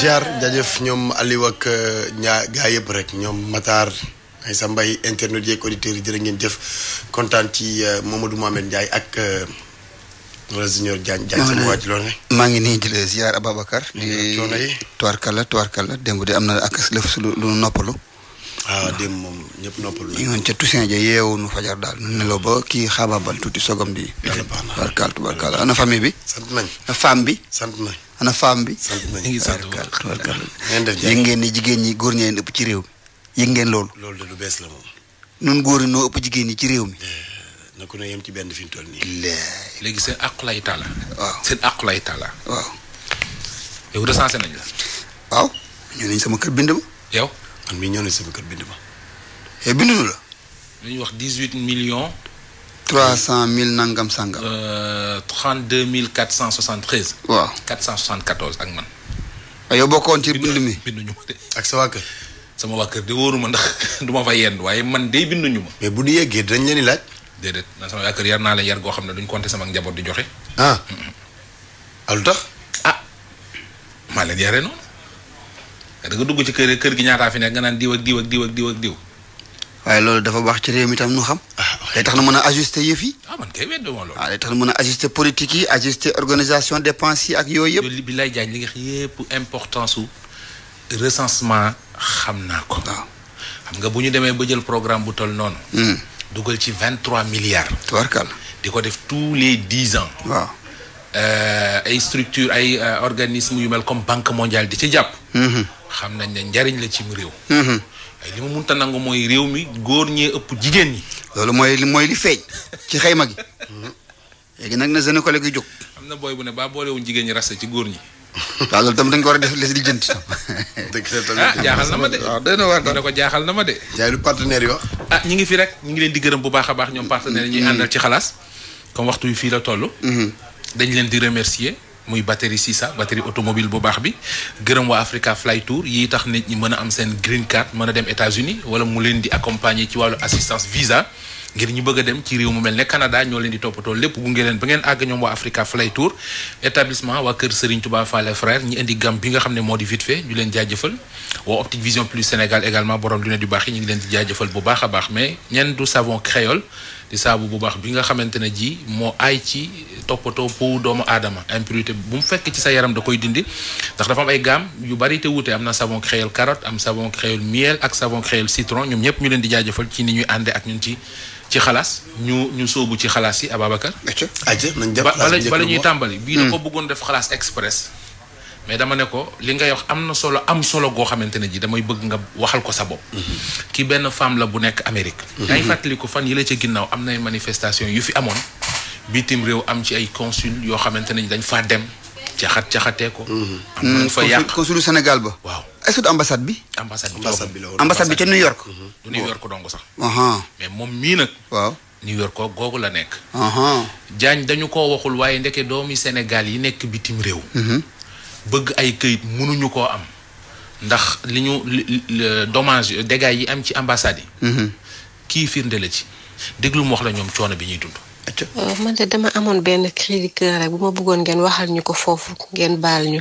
ziar jaajëf ñoom Aliou ak euh, ñaa gaa yëpp rek ñoom Matar ay sa mbay internet yeeg auditeurs yi jërë ngeen jëf kontaan ci euh, Mamadou Mohamed Ndiaye ak euh, Nola Junior Diagne Diagne sama waa ji loolu ne maa ngi nii di la ziar Ababacar. di tuwarkalla tuwarkalla démb de am na ak lëf su lu lu noppalu. ah démb moom ñëpp noppalu. ñu ngi ca Toussaint Dia yeewu nu fajar daal nu nelaw ba kii xaabaabal tuuti sogam di. tubarkalla tubarkalla ana famille bi. sant nañ femme bi sant nañ. ana femme bi. ñu ngi yëg ngeen ni jigéen ñi góor ñi leen ëpp ci réew mi yëg ngeen loolu. loolu de lu bees la moom. nun góor ñi noo ëpp jigéen ñi ci réew mi. Eh, na ko ne yem ci benn fi mu toll nii. léegi seen àqu lay taala. waaw seen àqu lay taala. waaw. yow recensé nañ la. waaw. ñëw nañ sama kër bind ma. yow. man mii kër bind ma. Eh, bindu la. li wax dix huit millions. trois cent mille nangam sangam. Euh, trente deux mille quatre cent soixante treize. waaw quatre cent soixante quatorze ak man. Ah, yow bokkoon ci bind mi binduñu ma de. ak sa waa kër. sama waa kër di wóoruma ndax du ma fa yenn waaye man de binduñu ma. mais bu di yeggee dañ leen di laaj. déedéet man sama waa kër yar naa leen yar goo xam ne duñ compter sama njaboot di joxe. ah. ah lu tax ah. maa leen yaree noonu. da nga dugg ci kër kër gi ñaataa fi nekk nga naan diw ak diw ak diw ak diw ak diw. waaye loolu dafa wax ci réew mi tam nu xam. Ah, day tax na mën a ajuster yëf yi. ah man ah, mën a ajuster politique yi ajuster organisation dépense yi ak yooyu yëpp. li bi lay jaañ li nga xam yëpp importance su recensement xam na ko. a xam nga bu ñu demee ba jël programme bu toll noonu. Hmm. dugal ci vingt trois milliards. tubarkal di ko def tous les dix ans. waaw. Euh, ay structure ay euh, organisme yu mel comme banque mondiale di ci jàpp. Hmm, hmm. xam nañ ne njariñ la ci mu réew. ay li ma mënta nangu mooy réew mi góor ñee ëpp jigéen ñi. loolu mooy li mooy li feeñ ci xayma gi. léegi nag na jeune collègue yi jóg. am na booy bu ne baa boolewuñ jigéen ñi rasta ci góor ñi. waaw loolu tam dañ ko war a def les lijjanti. dëgg la tamit ah, jaaxal na ma de waaw ah, dana war na ko jaaxal na ma de. jaay lu partenaire yoo. ah ñu ngi fi rek ñu ngi leen di gërëm bu baax a baax ñoom partenaire yi ñuy mm-hmm. àndal ci xalaas. comme waxtu wi fii la toll. Mm-hmm. dañ leen di remercier. muy batterie sisa batterie automobile bu baax bi gërëm waa Africa Fly Tour yi tax nit ñi mën a am seen green card mën a dem États-Unis wala mu leen di accompagner ci wàllu assistance visa ngir ñu bëgg dem ci réew mu mel ne Canada ñoo leen di toppatoo lépp gunge leen ba ngeen àgg ñoom waa Africa Fly Tour établissement waa kër Serigne Touba Fallé frère ñi indi gam bi nga xam ne moo di vite fait ñu leen jaajëfal waa Optic Vision Plus Sénégal également saabu bu baax bi nga xamante ne ji moo aay ci toppatoo pou doomu aadama impurité bu mu fekk ci sa yaram da koy dindi ndax dafa am ay gaam yu bari te wuute am na savon créole carotte am savon créole miel ak savon créole citron ñoom ñëpp ñu leen di jaajëfal ci ni ñuy àndee ak ñun ci ci xalaas ñu ñu sóobu ci xalaas yi Ababacar. bala ñuy tàmbali bii da ko hmm. bëggoon def xalaas express mais dama ne ko li ngay wax am na solo am solo goo xamante ne ji damay bëgg nga waxal ko sa bopp. Mhm. ki benn femme la bu nekk Amérique. Mhm. day ko fan yi la ca ginnaaw am na nay manifestation yu fi amoon bitim réew am ci ay consul yoo xamante ne dañ faa dem caxat caxatee ko. Mhm. am na fa yàq consulu ba waaw. est ce que ambassade bi. ambassade bi la woon ambassade bi ca New York. du New York dong sax. mais moom mii nag. waaw New York googu la nekk. Diagne dañu ko waxul waaye ndeke doomi Sénégal yi nekk bitim réew. bëgg ay këyit mënuñu koo am ndax li ñu domage dégâts yi am ci ambassade yi. Mhm. kii firnde la ci déglu mu wax la ñoom coono bi ñuy dund. Euh, man de dama amoon benn cri du cœur bu ma bëggoon ngeen waxal ñu ko foofu ngeen baal ñu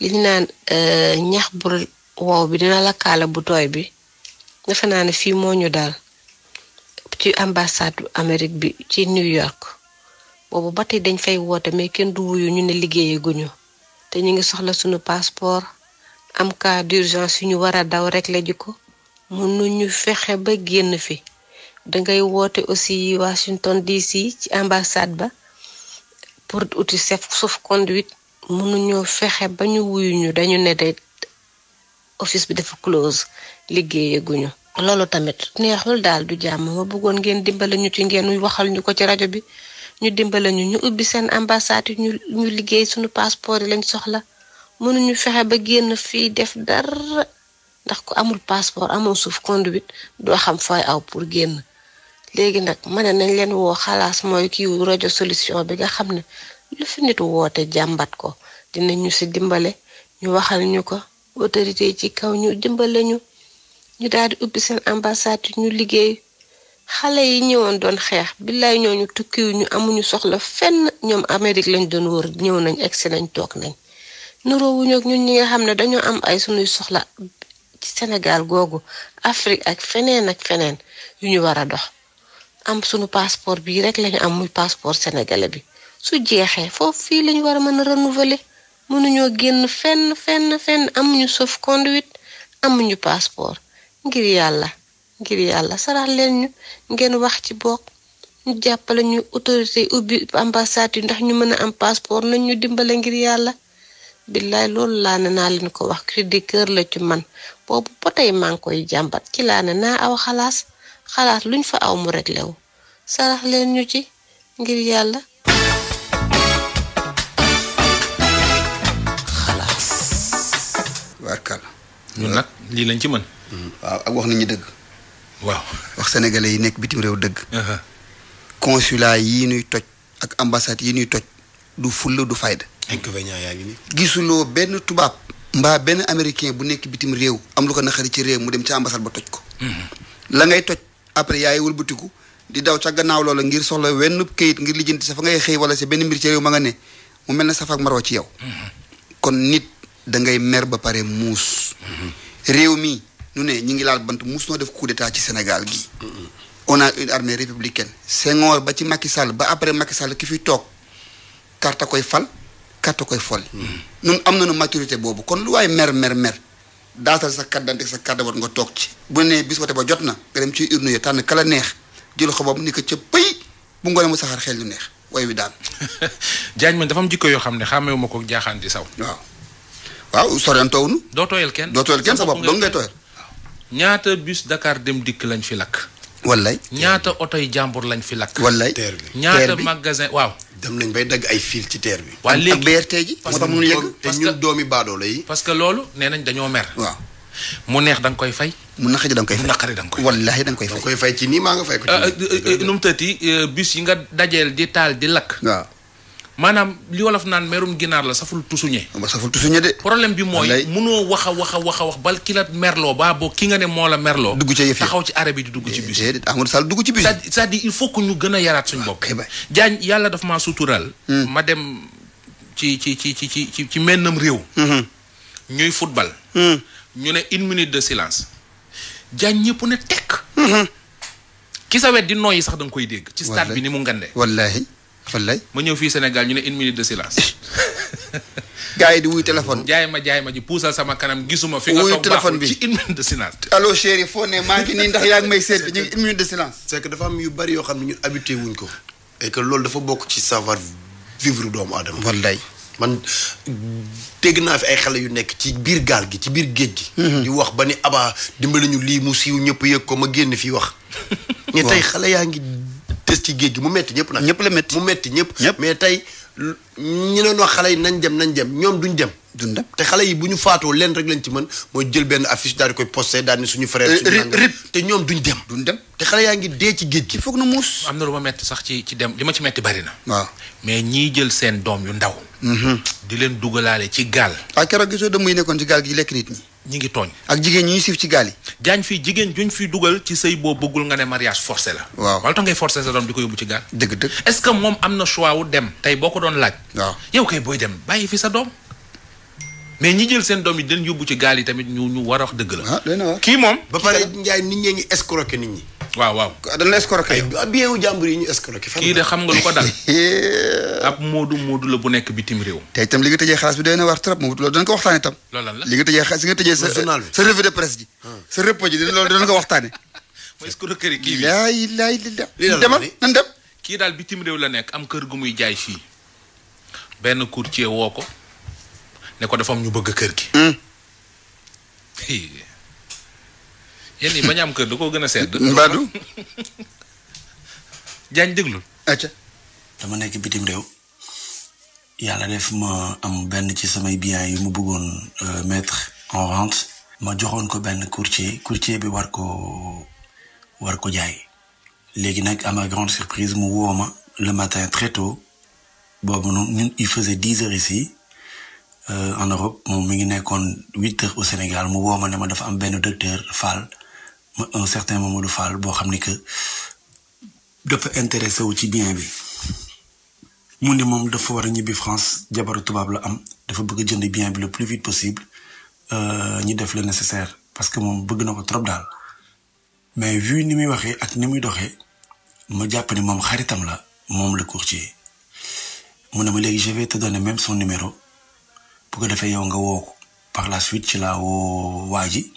li ñu naan euh, ñax bu wow bi dina la kaala bu tooy bi defe naa ne fii moo ñu daal ci ambassade amerique bi ci New York boobu ba tey dañ fay woote mais kenn du wuyu ñu ne liggéeyaguñu te ñu ngi soxla suñu passeport am cas d'urgence yu ñu war a daw rek la ji ko mënuñu fexe ba génn fi dangay woote aussi Washington DC ci ambassade ba pour uti chef sauf-conduit mënuñoo fexe ba ñu wuyuñu dañu ne de office bi dafa close liggéeyaguñu loolu tamit neexul daal du jàmm ma bëggoon ngeen dimbali ñu ci ngeen waxal ñu ko ci rajo bi ñu dimbale ñu ñu ubbi seen ambassade yi ñu ñu liggéey suñu passeport yi lañ soxla mënuñu fexe ba génn fii def dara ndax ku amul passeport amoo suuf conduite doo xam fooy aw pour génn léegi nag ma ne nañ leen woo xalaas mooy kiiw rajo solution bi nga xam ne lu fi nit woote jàmbat ko dina ñu si dimbale ñu waxal ñu ko autorité ci kaw ñu dimbale ñu ñu daal di ubbi seen ambassade yi ñu liggéey xale yi ñëwoon doon xeex billaay ñooñu tukkiwu ñu amuñu soxla fenn ñoom Amérique lañ doon wër ñëw nañ egsi nañ toog nañ nuroowuñu ak ñun ñi nga xam ne dañoo am ay sunuy soxla ci senegal googu Afrique ak feneen ak feneen yu ñu war a dox am sunu passeport bii rek lañu am muy passeport sénégalais bi su jeexee foofu fii lañu war a mën a renouveler mënuñoo génn fenn fenn fenn amuñu sauf conduite amuñu passeport ngir yàlla ngir yàlla sarax leen ñu ngeen wax ci bokk ñu jàppale ñu autorité ubbi ambassade yi ndax ñu mën a am passeport nañ ñu dimbale ngir yàlla billaay loolu laa ne naa leen ko wax crédit kër la ci man boobu ba tey maa koy jàmbat ci laa ne naa aw xalaas xalaas luñ fa aw mu réglé wu sarax leen ñu ci ngir yàlla xalaas warkal ñun nag lii lañ ci mën hmm. waaw ak wax nit dëgg waaw wax sénégalais yi nekk bitim réew dëgg. Uh-huh. consulat yi ñuy toj ak ambassade yi nuy toj du fulla du fayda. inconvénient yaa ngi nii. gisuloo benn tubaab. mbaa benn américain bu nekk bitim réew am lu ko naxari ci réew mu dem ca ambassade ba toj ko. Uh-huh. la ngay toj après yaay wëlbatiku di daw ca gannaaw loola ngir soxla wenn kayit ngir lijjanti sa fa ngay xëy wala sa benn mbir ci réew ma nga ne mu mel na saf ak maroo ci yow. Uh-huh. kon nit da mer ba pare muus. réew mi nu ne ñu ngi laal bant musunoo def coup d'état ci Sénégal gi on a une armée Senghor ba ci Macky Sall ba après Macky Sall ki fi toog karta koy fal karta koy fol ñun am maturité boobu kon lu waaye mer mer mer sa carte d'identité sa carte war nga toog ci bu ne bis wote ba jot na nga dem ci urne yi tànn kala neex jël xobam ni ko ca pëy bu ngoonee mu saxaar xel lu neex way wi daal Diagne man dafa am yoo xam ne xàmmewu ma ko jaaxaan di saw waaw waaw soreen toow nu doo tooyal kenn doo tooyal kenn sa doo ngay tooyal ñaata bus Dakar dem dikk lañ fi lakk. wallay ñaata otoy jàmbur lañ fi lakk. wallay teer bi ñaata magasin waaw. dem nañ bay dagg ay fil ci teer bi. waa léegi ak BRT ji. moo tax mënul yegg te ñun doomi baadoola yi. parce que loolu nee nañ dañoo mer. waaw mu neex danga koy fay. mu naqari da nga koy fay mu naqari da nga koy koy fay koy fay ci nii maa nga fay ko. ci euh, euh, euh, nu mu tëti bus yi nga dajeel di taal di lakk. waaw. maanaam li wolof naan merum ginaar la saful tusuñe saful tusuñe de problème bi mooy munoo wax a wax a wax a wax bal ki la merloo baa boo ki nga ne moo la merloo dugg ci yëf taxaw ci arrêt bi di dugg ci bus Amadou Sall dugg il faut que ñu gën a yaraat suñu bopp ah, jaañ yàlla daf maa sutural hmm. ma dem ci ci ci ci ci ci ci mennam réew hmm. ñuy football hmm. ñu ne une minute de silence jaañ ñëpp ne tekk ki sa wet di nooyi sax da nga koy dégg ci stade bi ni mu ngande wallay ma ñëw fii Sénégal ñu ne une minute de silence. gars yi di wuy téléphone. jaay ma jaay ma ji puusal sama kanam gisuma. fi nga toog baaxul ci une minute de silence. allo chéri foo ne maa ngi nii ndax yaa ngi may seet bi ñu ngi minute de silence. c'est que dafa am yu bari yoo xam ne ñun habitué wuñ ko. que loolu dafa bokk ci savoir vivre doomu aadama. wallay man dégg naa fi ay xale yu nekk ci biir gaal gi ci biir géej gi. Mhm. di wax ba ni abaa dimbali ñu lii mu siiw ñëpp yëg ko ma génn fii wax. tës ci géej gi mu metti ñëpp nag. ñëpp la metti mu metti ñëpp. yi nañ dem nañ dem ñoom duñ dem. duñ dem te xale yi bu ñu faatoo leen rek lañ ci mën mooy jël benn affiche daal di koy posté daal ni suñu frère. suñu te ñoom duñ dem. duñ dem te xale yaa ngi dee ci géej gi. foog na muus. am na lu ma metti sax ci ci dem li ma ci metti bari na. waaw mais ñiy jël seen doom yu ndaw. Mhm. di leen dugalaale ci gaal. ah keroog gisoo dem muy nekkoon ci gaal gi lekk nit ñi ñi ngi tooñ. ak jigéen ñi ñu siif ci gaal yi. jaañ fii jigéen juñ fi dugal ci sëy boo bëggul nga ne mariage forcé la. waaw wala tax ngay forcé sa doom di ko yóbbu ci gaal. dëgg dëgg est-ce que moom am na choix wu dem. tey boo ko doon laaj. waaw yow kay booy dem bàyyi fi sa doom. mais ñi jël seen doom yi dañ yóbbu ci gaal yi tamit ñu ñu war a wax dëgg la. Ah, kii moom. ba pare njaay nit ñee ngi escroquer nit ñi. waaw waaw. dañu la escroqué ah, bien wu jàmbur yi ñu escroqué. fan kii de xam nga lu ko dal. ab moodu moodu la bu nekk bitim réew. te itam li nga tëjee xaalis bi day na war trop moom loolu dana ko waxtaanee lan la li nga tëjee xaalis nga tëjee sa. sa revue de presse ji. Ah. sa repo ji loolu dana ko waxtaanee. mooy bi. laay laay ah, nan dem. kii daal bitim réew la nekk am kër gu muy jaay fii benn courtier woo ko ne ko dafa ñu bëgg kër gi hmm. yéen ñi bañ am kër da koo gën a sedd. Mbadou. Diagne déglul. acca. dama nekk bitim réew yàlla def ma am benn ci samay bien yu mu bëggoon euh, mettre en vente. ma joxoon ko benn courtier courtier bi war ko war ko jaay. léegi nag à ma grande surprise mu woo ma le matin très tôt boobu noonu ñun il faisait euh, moom mi ngi nekkoon huit heures au Sénégal mu woo ma ne ma dafa am benn docteur Fall. un certain Mamadou Fall boo xam ne que dafa intéressé wu ci bien bi mu ni moom dafa war a ñibbi France jabaru tubaab la am dafa bëgg jënd bien bi le plus vite possible euh, ñu def le nécessaire parce que moom bëgg na ko trop daal mais vu ni muy waxee ak ni muy doxee ma jàpp ni moom xaritam la moom le courtier mun ne ma léegi je te donner même son numéro bu ko defee yow nga woo ko par la suite ci laa woo waa ji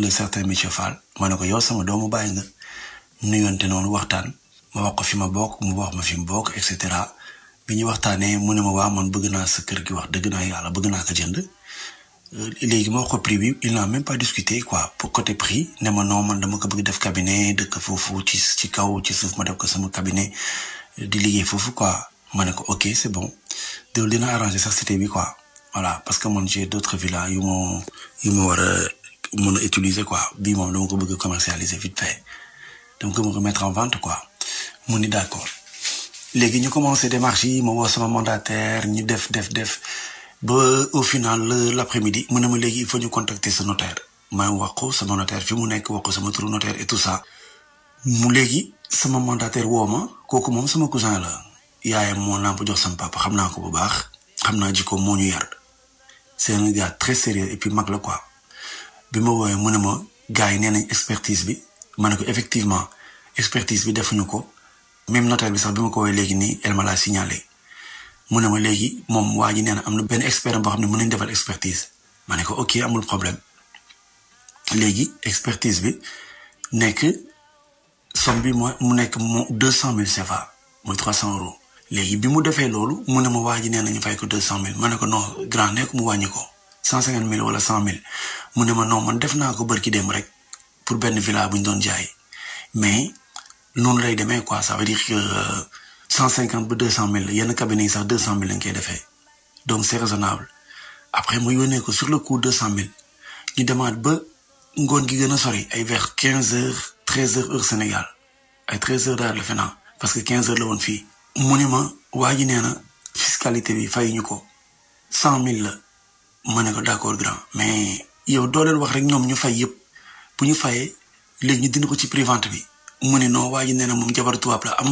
le certain monsieur Fall ma ma wax ko fi ma bokk mu wax ma fi mu bokk et cetera ma waa man bëgg sa kër gi wax dëgg naa yàlla bëgg naa ko jënd euh, léegi ma wax ko prix bi il n'a même pas discuté quoi pour côté prix ne ma non man dama ko bëgg def cabinet dëkk foofu ci ci kaw ci suuf ma def ko sama cabinet di liggéey foofu quoi ma ne ko ok c'est bon déglu dina arrangé sax cité bi quoi voilà parce que man j'ai d'autres villas yu ma yu ma war mën a quoi bii moom dama ko bëgg commercialiser vite fait dama ko bëgg a quoi mu ni d'accord léegi ñu commencé démarche yi ma woo sama mandataire ñu def def def ba au final euh, l'après-midi mu ne ma léegi il ñu contacter sa notaire ma wax ko sama notaire fi mu nekk wax sama turu notaire et tout ça mu léegi sama mandataire woo ma kooku moom sama cousin la yaayam moo nàmp jox sama papa xam naa ko bu baax xam naa jikko moo ñu yar c'est un gars très sérieux et puis mag la quoi bi ma woowee mun ne ma gars yi nee nañ expertise bi ma ko effectivement expertise bi defuñu ko même notaire bi sax bi ko woowee léegi nii elle ma mu ne ma léegi moom waa ji nee na am na benn expert boo xam ne mën nañ defal expertise ma ko ok amul problème léegi expertise bi nekk somme bi mooy mu nekk mo deux cent mille CFA mooy trois cent euros léegi bi mu defee loolu mu ne ma waa ji nee nañu fay ko deux cent mille ma ne ko non grand nekk mu wàññi ko cent cinquante mille wala cent mille mu ne ma non man def naa ko barki dem rek pour benn villa bu ñu doon jaay mais noonu lay demee quoi ça veut dire que euh, cent cinquante ba deux cent mille yenn cabine yi sax deux cent mille lañ koy defee donc c'est après mu yónnee ko sur le coup deux cent ñu demaat ba ngoon gi gën a sori ay vers quinze heures treize heures heure Sénégal ay treize heures daal la fe naa parce que quinze heures la woon fii mu ne ma waa ji nee na fiscalité bi fayuñu ko cent mille la ma ne ko d'accord grand mais yow doo leen wax rek ñoom ñu fay yëpp bu ñu fayee léegi ñu dindi ko ci prévente bi mu ne non waa ji nee na moom jabar tubaab la am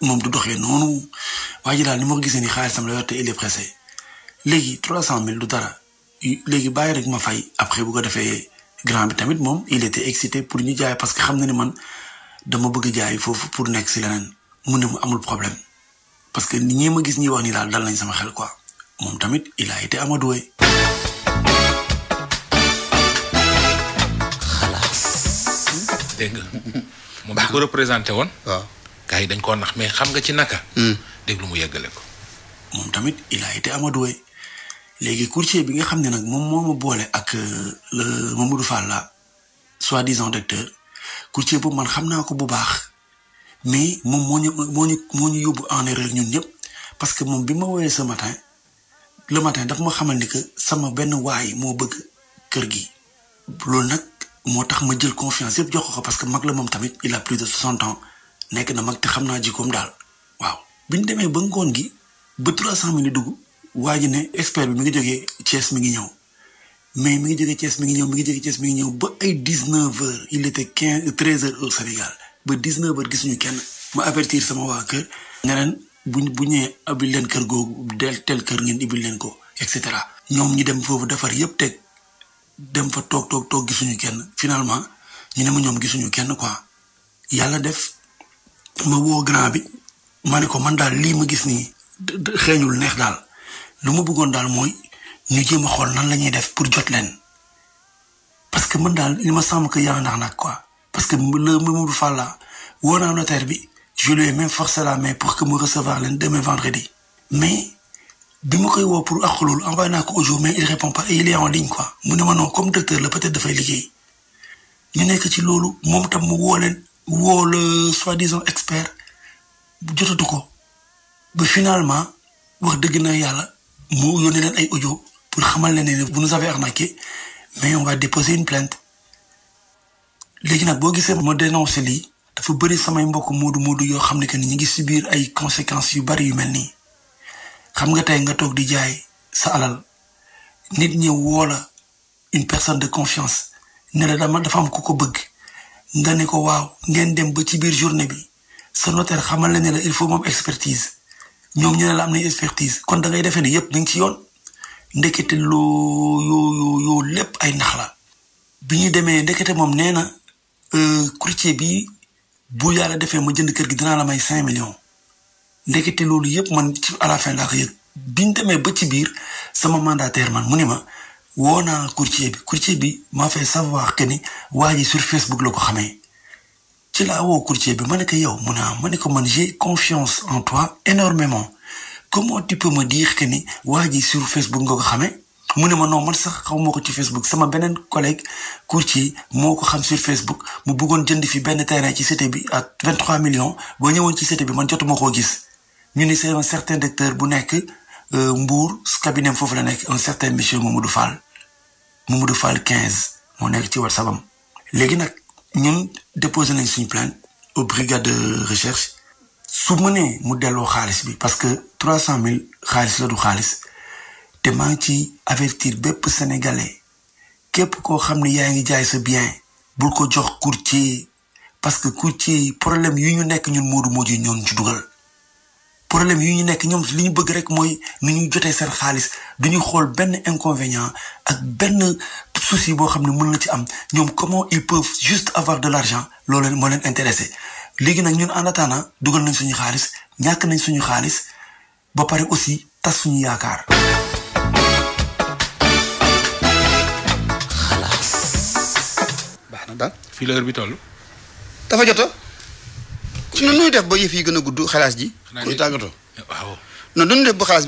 moom du doxee noonu waa ji daal ni ma ko gisee ni xaalisam la yor te il est pressé léegi du dara léegi bàyyi rek ma fay après bu ko defee grand tamit moom il était pour ñu jaay parce que xam na ni man dama bëgg jaay foofu pour nekk si leneen mu ne mu amul problème parce que ñi ma gis ñi wax ni daal dal nañ sama xel quoi. moom tamit il a été amadoué. xalaas. dégg nga moom woon. waaw yi dañ koo nax mais xam nga ci naka. Hmm. déglu mu yeggale ko. moom tamit il a léegi courtier bi nga xam ne nag moom moo ma boole ak euh, le Mamadou Fall la soi-disant docteur courtier boobu man xam naa ko bu baax mais moom moo ñu moo ñu moo ñu yóbbu en erreur ñun yëpp parce que moom bi ma woowee ce matin. le matin dafa ma xamal ni que sama benn waay moo bëgg kër gi loolu nag moo tax ma jël confiance yëpp jox ko parce que mag la moom tamit il a de 60 ans nekk na mag te xam naa jikkoom daal waaw. bi ñu demee ba ngoon gi ba 300 mille dugg waa ji ne expert bi mi ngi jógee Thiès mi ngi ñëw mais mi ngi jógee Thiès mi ngi ñëw mi ngi jógee Thiès mi ngi ñëw ba ay 19 heures il était 15 13 heures au Sénégal ba 19 heures gisuñu kenn ma avertir sama waa kër. buñ bu ñëwee ubbil leen kër googu del tel kër ngeen ubbil leen ko et cetera. ñoom ñu dem foofu defar yëpp teg dem fa toog toog toog gisuñu kenn finalement ñu ne ma ñoom gisuñu kenn quoi yàlla def ma woo grand bi ma ne ko man daal lii ma gis nii xeeñul neex daal lu ma bëggoon daal mooy ñu jéem a xool nan la ñuy def pour jot leen parce que man daal li ma sàmm que yàlla ndax nag quoi parce que le Mamadou Fall la woo naa notaire bi. je mais ai la main pour que mu recevoir leen demain vendredi. mais bi mu koy woo pour àq loolu envoyé naa ko au jour mais il répond pas et en ligne quoi mu ne ma non comme docteur la peut dafay liggéey ñu nekk ci loolu moom tam mu wooleen leen woo le soi-disant expert jotatu ko ba finalement wax dëgg na yàlla mu yónnee leen ay audio pour xamal na ne vous nous avez arnaqué mais on va déposer une plainte léegi nag boo gisee moo dénoncé lii. dafa bëri samay mbokk moodu moodu yoo xam ne que ni ñu ngi subir ay conséquence yu bari yu mel nii xam nga tey nga toog di jaay sa alal nit ñëw woola la une personne de confiance ne la dama dafa am ku ko bëgg nga ne ko waaw ngeen dem ba ci biir journée bi sa notaire xamal la ne il faut moom expertise ñoom ñu la am na expertise kon dangay ngay defee ne yëpp nañ ci yoon ndekete loo yoo yoo lépp ay nax la bi ñu demee ndekete moom nee na euh, courtier bi bu yàlla defee ma jënd kër gi dinaa la may cinq millions ndekete loolu yëpp man ci à la laa ko yëg biñ demee ba ci biir sama mandataire man mu ni ma woo naa courtier bi courtier bi maa fay savoir que ni waa ji sur Facebook la ko xamee ci laa woo courtier bi ma ne ko yow mu ah, ma ne ko man j'ai confiance en toi énormément comment tu peux me dire que ni waa ji sur Facebook nga ko xamee mu ne ma non man sax xaw ma ko ci Facebook sama beneen collègue courtier moo ko xam sur Facebook mu bëggoon jënd fi benn terrain ci cité bi ak 23 millions boo ñëwoon ci cité bi man jotuma koo gis ñu ni c'est un certain docteur bu nekk euh, mbuur cabinet foofu la nekk un du monsieur Mamadou mu du Fall quinze moo nekk ci WhatsApp am. léegi nag ñun déposé nañ suñu plainte au brigade de recherche su ma mënee mu delloo xaalis bi parce que 300000 xaalis la xaalis. te maa ngi ci avertir bépp sénégalais képp koo xam ne yaa ngi jaay sa bien bul ko jox courtier parce que courtier yi problème yu ñu nekk ñun Modou Modou ñoon ci dugal problème yu ñu nekk ñoom li ñu bëgg rek mooy ni ñu jotee seen xaalis ñu xool benn inconvénient ak benn souci boo xam ne mën na ci am ñoom comment ils peuvent juste avoir de l'argent loolu moo leen intéressé léegi nag ñun en dugal nañ suñu xaalis ñàkk nañ suñu xaalis ba pare aussi tas suñu yaakaar daal dafa jot a. nu def ba a xalaas bi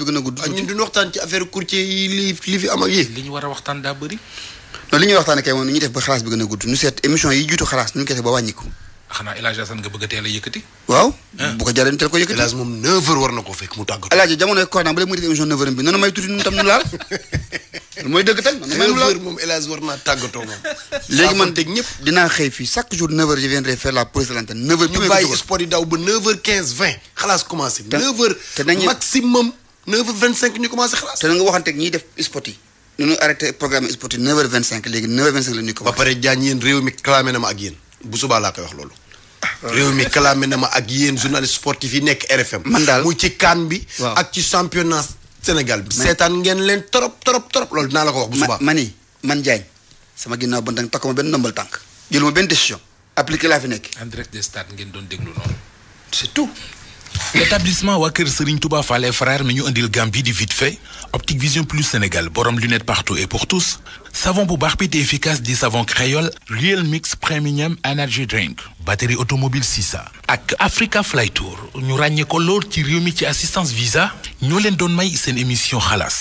gën a gudd. ak ñun waxtaan a waxtaan kay moom ni ñuy def ba xalaas bi gën a gudd ñu seet émission yi jiitu xalaas ñu koy def ba wàññiku. a teel a yëkkati. waaw. Ah. bu ko mu def émission 9h bi noonu may tuuti ñun tam ñu laal. mooy dëgg tan man même la moom El Hadj léegi man teg ñëpp dinaa xëy fii chaque jour 9h je viendrai faire la pause de l'antenne 9h. ñu bàyyi sport yi daw ba 9h15 20 xalaas commencé. 9h te nañu maximum 9h25 ñu commencé xalaas. te na nga waxante ak def sport yi. nu ñu arrêté programme sport yi 9h25 léegi 9h25 la ñuy commencé. ba pare jaañ yéen réew mi clamé na ma ak yéen bu subaa laa koy wax loolu. réew Sénégal bi. seetaan ngeen leen trop trop trop loolu dinaa la ko wax. bu subaa man man Diagne sama ginnaaw ba tey takku ma benn ndombal tànk. jëluma benn décision. appliqué laa fi nekk. en direct des ngeen doon déglu noonu. c'est tout. établissement waa kër Serigne Touba Fall et frère mi ñu indil Gambie di vite fait Optique Vision Plus Sénégal borom lunette partout et pour tous savon bu baax bi te efficace di savon créole Real Mix Premium Energy Drink batterie automobile Sisa ak Africa Fly Tour ñu ràññee ko lool ci réew mi ci assistance visa ñoo leen doon may seen émission xalaas